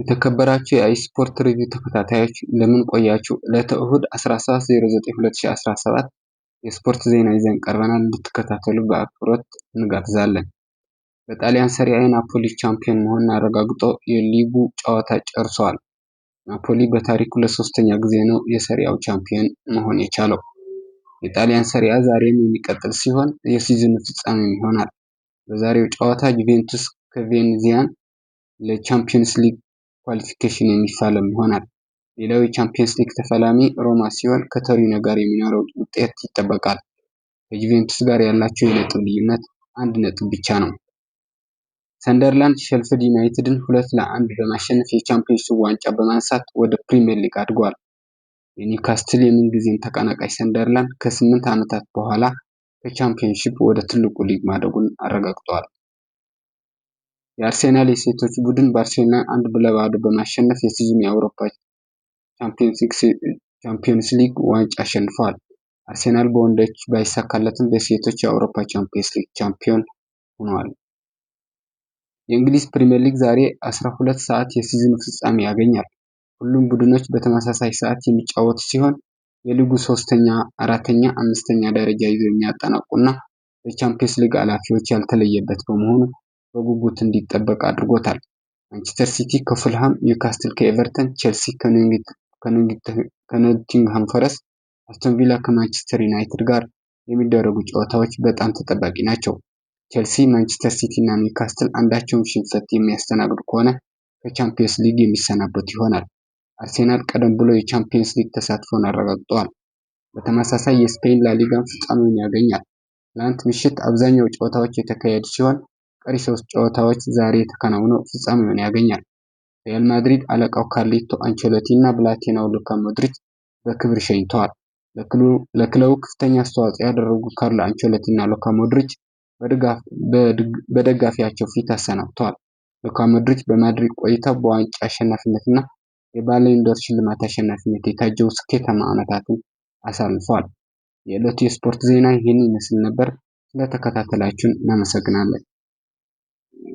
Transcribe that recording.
የተከበራችሁ የአይስፖርት ሪቪው ተከታታዮች ለምን ቆያችሁ? ዕለተ እሁድ 17/09/2017 የስፖርት ዜና ይዘን ቀርበናል። እንድትከታተሉ በአክብሮት እንጋብዛለን። በጣሊያን ሰሪ አ ናፖሊ ቻምፒዮን መሆኑን አረጋግጦ የሊጉ ጨዋታ ጨርሷል። ናፖሊ በታሪኩ ለሶስተኛ ጊዜ ነው የሰሪያው ቻምፒዮን መሆን የቻለው። የጣሊያን ሰሪያ ዛሬም የሚቀጥል ሲሆን የሲዝኑ ፍጻሜም ይሆናል። በዛሬው ጨዋታ ጁቬንቱስ ከቬንዚያን ለቻምፒዮንስ ሊግ ኳሊፊኬሽን የሚፋለም ይሆናል። ሌላው የቻምፒየንስ ሊግ ተፋላሚ ሮማ ሲሆን ከቶሪኖ ጋር የሚኖረው ውጤት ይጠበቃል። ከጁቬንቱስ ጋር ያላቸው የነጥብ ልዩነት አንድ ነጥብ ብቻ ነው። ሰንደርላንድ ሼልፊልድ ዩናይትድን ሁለት ለአንድ በማሸነፍ የቻምፒየንስ ዋንጫ በማንሳት ወደ ፕሪምየር ሊግ አድጓል። የኒውካስትል የምንጊዜም ተቀናቃኝ ሰንደርላንድ ከስምንት ዓመታት በኋላ ከቻምፒየንሺፕ ወደ ትልቁ ሊግ ማደጉን አረጋግጧል። የአርሴናል የሴቶች ቡድን ባርሴሎናን አንድ ለባዶ በማሸነፍ የሲዝኑ የአውሮፓ ቻምፒየንስ ሊግ ዋንጫ አሸንፏል። አርሴናል በወንዶች ባይሳካለትም በሴቶች የአውሮፓ ቻምፒየንስ ሊግ ቻምፒዮን ሆኗል። የእንግሊዝ ፕሪምየር ሊግ ዛሬ 12 ሰዓት የሲዝኑ ፍጻሜ ያገኛል። ሁሉም ቡድኖች በተመሳሳይ ሰዓት የሚጫወቱ ሲሆን የሊጉ ሶስተኛ፣ አራተኛ፣ አምስተኛ ደረጃ ይዘው የሚያጠናቁና ለቻምፒየንስ ሊግ ኃላፊዎች ያልተለየበት በመሆኑ በጉጉት እንዲጠበቅ አድርጎታል። ማንቸስተር ሲቲ ከፉልሃም፣ ኒውካስትል ከኤቨርተን፣ ቼልሲ ከኖቲንግሃም ፎረስት፣ አስቶን ቪላ ከማንቸስተር ዩናይትድ ጋር የሚደረጉ ጨዋታዎች በጣም ተጠባቂ ናቸው። ቼልሲ፣ ማንቸስተር ሲቲ እና ኒውካስትል አንዳቸውም ሽንፈት የሚያስተናግዱ ከሆነ ከቻምፒየንስ ሊግ የሚሰናበቱ ይሆናል። አርሴናል ቀደም ብሎ የቻምፒየንስ ሊግ ተሳትፎን አረጋግጧል። በተመሳሳይ የስፔን ላሊጋን ፍጻሜውን ያገኛል። ትናንት ምሽት አብዛኛው ጨዋታዎች የተካሄዱ ሲሆን ቀሪ ሶስት ጨዋታዎች ዛሬ ተከናውነው ፍጻሜውን ያገኛል። ሪያል ማድሪድ አለቃው ካርሊቶ አንቸሎቲ እና ብላቴናው ሉካ ሞድሪች በክብር ሸኝተዋል። ለክለቡ ከፍተኛ አስተዋጽኦ ያደረጉ ካርሎ አንቸሎቲ እና ሉካ ሞድሪች በደጋፊያቸው ፊት አሰናብተዋል። ሉካ ሞድሪች በማድሪድ ቆይታው በዋንጫ አሸናፊነትና የባሎንዶር ሽልማት አሸናፊነት የታጀቡ ስኬታማ ዓመታትን አሳልፈዋል። የዕለቱ የስፖርት ዜና ይህን ይመስል ነበር። ስለተከታተላችሁን እናመሰግናለን።